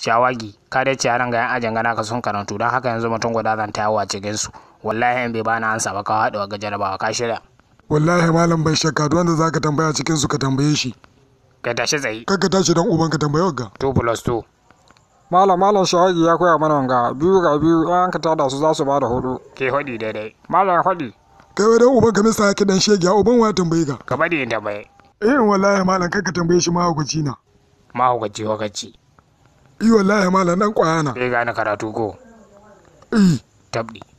shawagi ka da yaran ga yan ajin gana ka sun karantu don haka yanzu mutum guda zan ta yawa cikin su wallahi in bai bani ansa ba ka haɗu ga jarabawa ka shirya wallahi malam bai shakka duk wanda zaka tambaya cikin su ka tambaye shi ka tashi tsaye ka tashi dan uban ka tambaye wagga 2 plus 2 malam malam shawagi ya koya mana wanga biyu ga biyu an ka tada su za su ba da hudu ke hudi daidai malam hudi kai wai dan uban ka misa yake dan shege uban wa tambaye ka ka bari in tambaye eh wallahi malam kai ka tambaye shi mahaukaci na mahaukaci wakaci Iwallahi wallahi malam dan kwaya na bai gane karatu ko tabdi